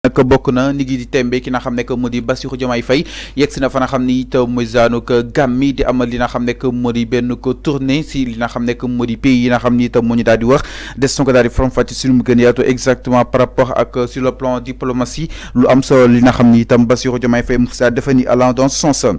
nag bokk na ni ngi di tembe ki nga xam ne moo di Bassirou Diomaye Faye yegg si na fa nga xam ne it mooy zaanuk gàmmi di amal li nga xam ne moo di ko tournée si li nga xam ne moo di pays yi nga xam ne itam moo ñu daal di wax des na ko daal di faram fàcce si mu gën exactement par rapport ak sur le plan diplomatie lu am solo li nga xam ne itam Bassirou Diomaye mu dafa ni allant dans son sens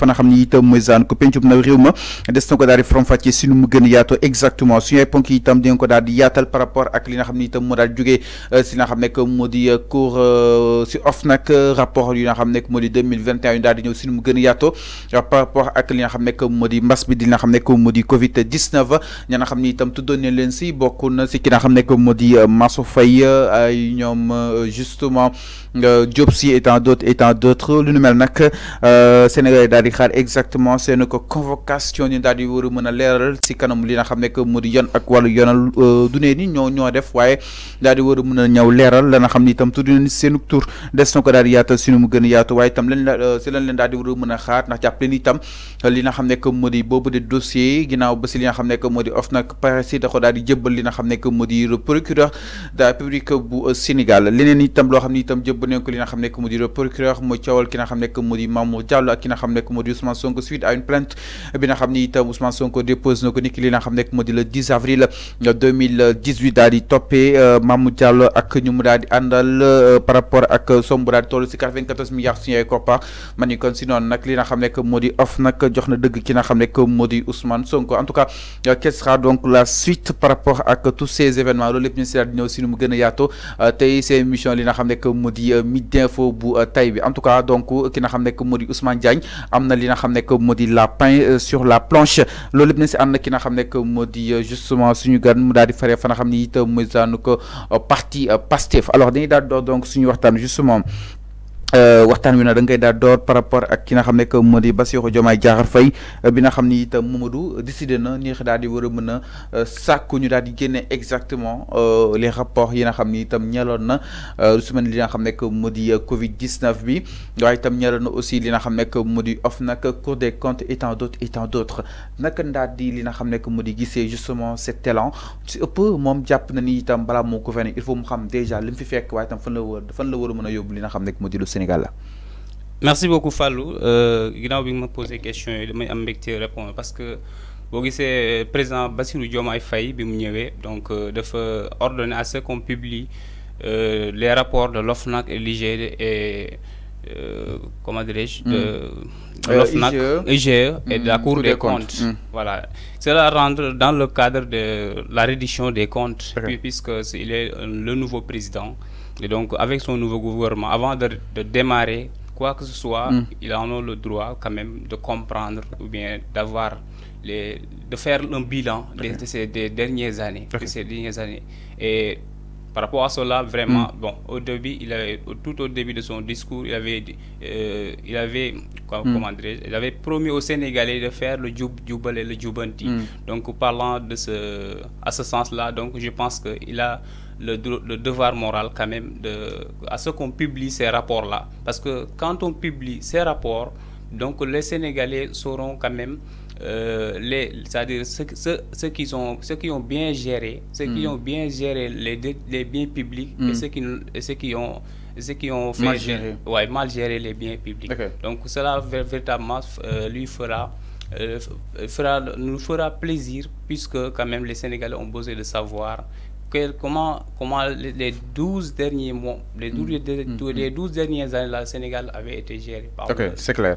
fa nga xam itam mooy zaan ko pencum na rewma ma des na ko daal di faram-fàccee si mu gën a exactement suñu ay ponk itam di nga ko daal di yaatal par rapport ak li nga xamni itam mo dal jógee euh, si nga xam nekk moo euh, cour euh, si nak rapport yi nga xam nekk moo 2021 yu daal di ñëw si mu gën a par rapport ak li nga xam nekk moo di bi di nga xam nekk moo covid 19 ña nga xam itam tuddoon ne leen si bokku na si ki nga xam nekk moo di Massou ay ñoom justement job si et tant d'autres et tant d'autres lu mel nak sénégalais daal di xaar exactement seen ko convocation ñu a a xam ne que mu ak wàllu yoonal euh, du nee ñoo ñoo def waaye daal di war a mën a leeral la euh, xam ne itam a a boobu de dossier ginnaaw ba si li xam ne que mu di pare si da ko daal jëbbal li xam ne que mu di procureur bu Sénégal leneen itam loo xam ne itam jëbbal nañ ko xam ne que mu mooy coowal ki nga xam ne que mu di Mamour ak ki nga xam ne moo Ousmane suite à une plainte bi nga Ousmane Sonko dépose na ko ni ki li nga le 10 avril 2018 dali di toppee euh, Mamour Diallo ak ñu mu daal di euh, par rapport ak somme bu daal di 94 milliards signé ay koppar man ni kon si noonu li nga xam nekk off jox na dëgg ki nga Ousmane Sonko en tout cas quest euh, quelle sera donc la suite par rapport ak tous ces événements le lépp ñu si daal di ñëw si mu gëna a tay tey émission li nga info bu tay bi en tout cas donc ki nga xam nekk Ousmane Diagne na li nga xam ne la pain euh, sur la planche loolu lépp na si ànd ki na xam ne moo euh, justement suñu gan mu daldi faré fa na xamni ne it euh, mooy ko parti Pastef alors dañi dal do donc suñu waxtaan justement euh, waxtaan wi nag da ngay daal door par rapport ak ki nga xam ne que moo di Bassirou Diomaye Diakhar Faye euh, bi nga xam ni itam Mamadou décidé na ni daal di war a mën a euh, sàkku ñu daal di génne exactement les rapports yi nga xam ni itam ñeloon na lu su li nga xam ne que moo di Covid 19 bi waaye itam ñeloon na aussi li nga xam ne que moo di OFNAC Cour des comptes et tant d'autres et tant d'autres naka daal di li nga xam ne que moo di gisee justement cet élan si ëpp moom jàpp na ni itam balaa moo ko feneen il faut mu xam déjà li mu fi fekk waaye itam fan la war fan la war a mën a yóbbu li nga xam ne que moo di merci beaucoup Fallou Je euh, vais nga poser une question et je am répondre parce que le président Bassirou Diomaye Faye bi mu ñëwee donc euh, dafa ordonné à ce qu'on publie euh, les rapports de l'OFNAC et l'IGD et euh, comment dirais-je, mm. de, de euh, IGE, et de la mm. Cour des, comptes. Mm. Voilà. Cela rentre dans le cadre de la reddition des comptes, okay. puisque est, il est euh, le nouveau président. Et donc, avec son nouveau gouvernement, avant de, démarrer quoi que ce soit, il en a le droit quand même de comprendre ou bien d'avoir les, de faire un bilan des dernières années, okay. de ces dernières années. Et par rapport à cela, vraiment, mm. bon, au début, il avait, tout au début de son discours, il avait, euh, il avait, mm. comment dire il avait promis aux Sénégalais de faire le djoub, djoubal et le djoubanti. Mm. Donc, parlant de ce, à ce sens-là, donc, je pense qu'il a le, le, devoir moral quand même de, à ce qu'on publie ces rapports-là. Parce que quand on publie ces rapports, donc les Sénégalais sauront quand même euh, les, c'est-à-dire ceux, ceux, qui ceux qui ont bien géré, ceux qui mm. ont bien géré les, les biens publics et, mm. ceux qui, ceux qui ont ceux qui ont mal, géré. Ouais, mal géré les biens publics. Donc cela véritablement euh, lui fera euh, fera, nous fera plaisir puisque quand même les Sénégalais ont besoin de savoir comment, comment les, 12 derniers mois, les 12, mm. les, 12 dernières années, le Sénégal avait été géré. Par ok, c'est clair.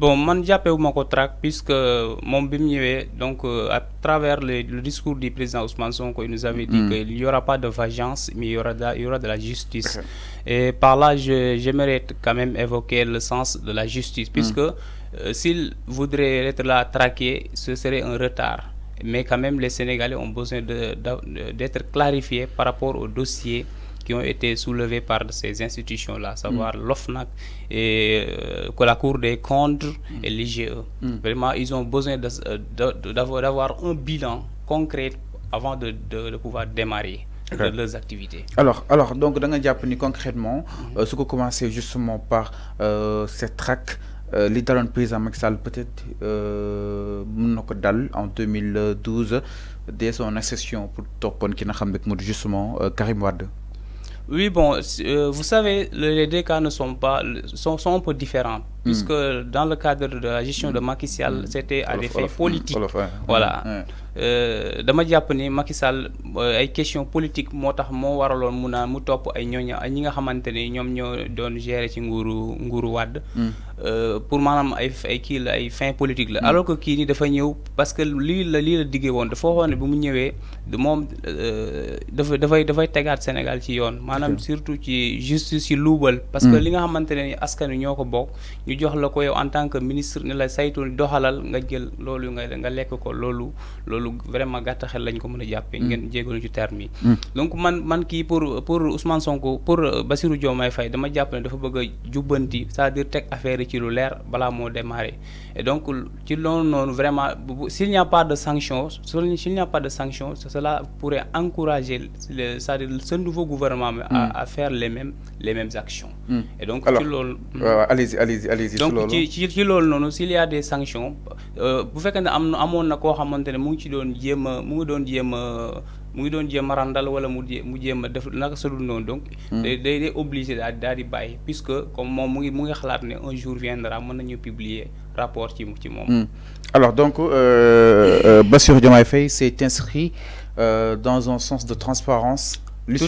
bon man jàppewu ma puisque mon bi donc euh, à travers le, discours du président Ousmane Sonko il nous avait dit mm. qu'il n'y aura pas de vagence, mais il y aura de, il y aura de la justice et par là j'aimerais quand même évoquer le sens de la justice puisque mm. euh, s'il voudrait être là traqué ce serait un retard mais quand même les Sénégalais ont besoin d'être clarifiés par rapport au dossier qui ont été soulevés par ces institutions-là, à mm. savoir l'OFNAC et euh, la Cour des comptes mm. et l'IGE. Mm. Vraiment, ils ont besoin euh, d'avoir un bilan concret avant de, pouvoir démarrer. leurs activités. Alors, alors donc, dans le concrètement, ce euh, que commencé justement par euh, cette traque, euh, prise peut-être en 2012 dès son accession pour Topon qui qui xam ne justement Karim Wade oui, bon, euh, vous savez, les deux cas ne sont pas, sont, sont un peu différents puisque dans le cadre de la gestion de Macky Sall hmm. c'était à des faits politiques voilà hmm. euh, dama jàpp ni Macky Sall euh, ay question politique moi tax moo waraloon mun a mu topp ay ñooñu ay ñi nga xamante ni ñoom doon gérer ci nguuru nguuru Wade hmm. euh, pour maanaam ay ay kii la ay fin politique là alors que kii ni dafa ñëw parce que lii la le la diggee woon dafa waxoon ne bu De ñëwee moom dafa dafay dafay tegaat Sénégal ci yoon maanaam surtout ci justice ci l'oubal parce que li nga xamante ne askan ko bok ñu jox la ko yow en tant que ministre ne la saytu doxalal nga jël loolu nga nga lekk ko loolu loolu vraiment gàtt xel lañ ko mën a jàppee. Mm. ngeen jégalu ci terme yi. Mm. donc man man kii pour pour Ousmane Sonko pour euh, Bassirou Diomaye fay dama jàpp ne dafa bëgg a jubbanti c'est-à-dire teg affaire yi ci lu leer balaa moo démarré et donc ci loolu noonu vraiment bu s'il n'y a pas de sanction s'il n'y a pas de sanction cela pourrait encourager c'est-à-dire ce nouveau gouvernement. à mm. à faire les mêmes les mêmes actions. et donc ci loolu. Euh, allez-y allez analyse donc ci ci ci loolu noonu s'il y a des sanctions euh, bu fekkee ne am amoon na koo xamante ne mu ngi ci doon jéem a mu ngi doon jéem a mu ngi doon jéem a randal wala mu mu jéem a def naka sa dul noonu donc. Hmm. day day day obligé daal daal di bàyyi puisque comme moom mu ngi mu ngi xalaat ne un jour viendra mën nañu publier rapport ci ci moom. Hmm. alors donc euh, euh, Bassirou Diomaye Faye s'est inscrit dans un sens de transparence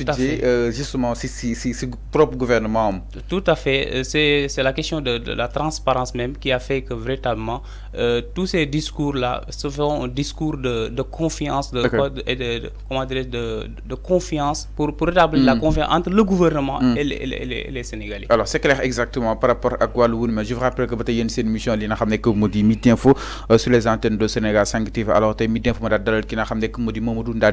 à euh, justement si si si propre gouvernement tout à fait euh, c'est la question de, de la transparence même qui a fait que véritablement euh, tous ces discours là se font un discours de de confiance de, quoi, de, de comment dire de de confiance pour pour rétablir la mm. confiance entre le gouvernement mm. et, les, Sénégalais. alors c'est clair exactement par rapport à quoi mais je vous rappelle que vous avez une mission qui li été xam en Info euh, sur les antennes de Sénégal 5 TV alors tey Midi Info ma daal dalal ki nga xam ne que l'actualité, Mamadou Ndao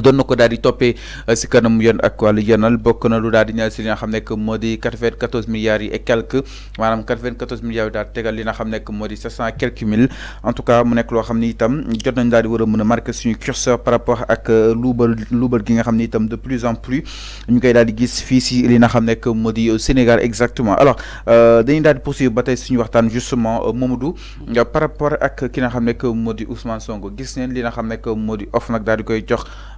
doon nako ko daal di toppee euh, si kanam yoon ak wàllu yoonal bokk na lu daal di ñaar si nga xam nekk moo di milliards et quelque manam 94 milliards yi tégal li nga xam nekk moo di quelques mille en tout cas mu nek lo xam ni itam jot nañ daal di war a mën suñu curseur par rapport ak euh, loubal loubal gi nga xam ni itam de plus en plus ñu koy daal di gis fi ci li nga xam nekk moo di Sénégal exactement alors euh, dañuy daal di poursuivre batay suñu waxtan justement Mamadou par rapport ak ki nga xam nekk moo Ousmane Sonko gis neen li nga xam nekk moo di off nag daal di koy jox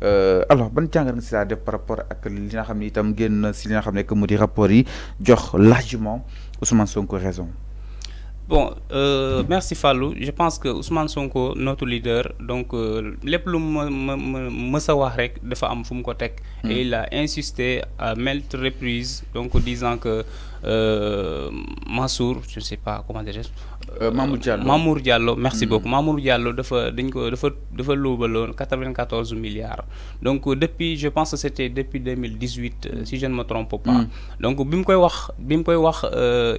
Euh, alors ban jàngat nga si daa def par rapport ak li nga xamni tam itam ci li nga xam que mudi rapport yi jox largement Ousmane Sonko raison. bon euh, merci Fallou je pense que Ousmane Sonko notre leader donc euh, lépp lu me ma rek am et hmm. il a insisté à maintes reprises donc disant que. Euh, Mansour je ne sais pas comment dire. Euh, Mamour Diallo euh, Mamour Diallo merci mm. beaucoup Mamour Diallo dafa dañ ko dafa dafa luubaloon 94 milliards. donc depuis je pense que c' depuis 2018 si je ne me trompe pas. Mm. donc bi mu koy wax bi koy wax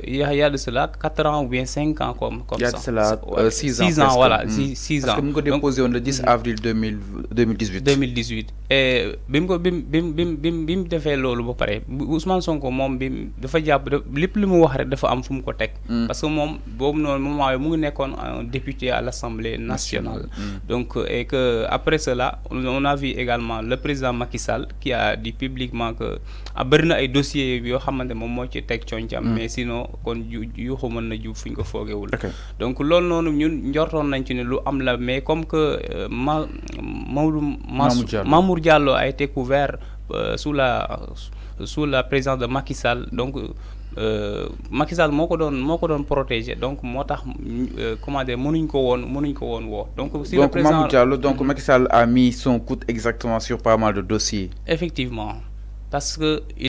y a y a de cela 4 ans ou bien 5 ans comme comme ça. y a de cela 6 ans 6 ans voilà 6 6 ans. parce que mu ko déposé le 10 mm. avril 2018. 2018 et bi mu ko bi mu bi mu bi mu ba pare Ousmane Sonko moom bi dafa jàpp lépp lu mu wax rek dafa am fu mu ko teg. Mm. parce que moom boobu noonu moment yooyu mu ngi nekkoon député à l' assemblée nationale. Mm. donc euh, et que après cela on a vu également le président Macky Sall qui a dit publiquement que ah bëri na ay dossiers yoo xamante moom moo ci teg coñcam. Mm. mais sinon kon ju yuuxu mën na ju fuñ ko foogewul donc loolu noonu ñun njortoon nañ ci ne lu am la mais comme que euh, ma Maodo. Mamour Diallo a été couvert euh, sous la sous la présence de Macky Sall donc euh, Macky Sall don moko don moo donc motax tax euh, comment dire mënuñ ko won mënuñ ko won wo donc si le président donc Diallo donc mm-hmm. Macky Sall a mis son coude exactement sur pas mal de dossiers. effectivement parce que.